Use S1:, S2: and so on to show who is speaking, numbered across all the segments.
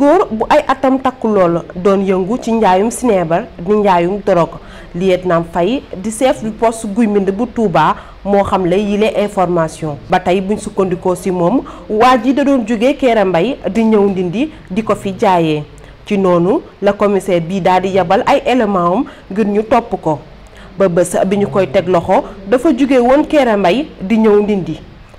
S1: góor bu ay atam takku lool doon yëngu ci njaayum sineebar di njaayum drogue lieutenant Faye di chef du poste guy mbind bu Touba moo xam la yile information ba tey buñ sukkandikoo si moom waa ji da doon jóge Kéré mbay di ñëw ndindi di ko fi jaayee ci noonu la commissaire bii daal di yebal ay élément am ngir ñu topp ko ba bés bi ñu koy teg loxo dafa jóge woon Kéré mbay di ñëw ndindi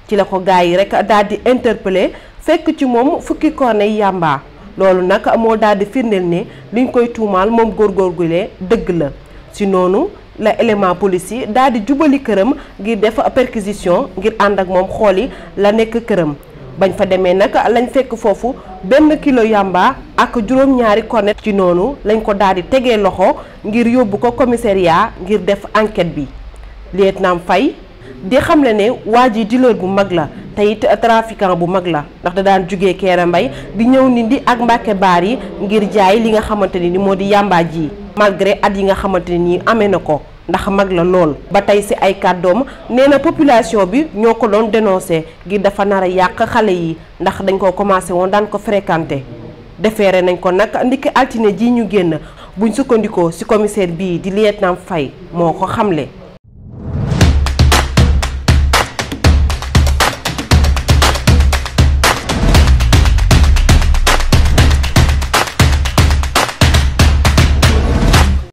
S1: ci la ko gars yi rek daal di interpellé fekk ci moom fukki corne yàmba loolu nag moo daal di firndeel ne liñ koy tuumaal moom góorgóorgulee dëgg la si noonu la élément police yi daal di jubali këram ngir def perquisition ngir ànd ak moom xooli la nekk këram bañ fa demee nag lañ fekk foofu benn kilo yamba ak juróom-ñaari cornet ci noonu lañ ko daal di tegee loxo ngir yóbbu ko commissariat ngir def enquête bi lieutenant fay di xam le ne waa ji dealer bu mag la te it trafiquant bu mag la ndax da daan jugee Kéré Mbay di ñëw Ndindy ak Mbàkke Baar yi ngir jaay li nga xamante ni moo di yàmbaa ji malgré at yi nga xamante ni amee na ko ndax mag la lool ba tey si ay kàddoom nee na population bi ñoo ko doon dénoncé ngir dafa nar a yàq xale yi ndax dañ ko commencé woon daan ko fréquenté defeere nañ ko nag ndiki altine ji ñu génn buñ sukkandikoo si commissaire bii di lieutenant fay moo ko xamle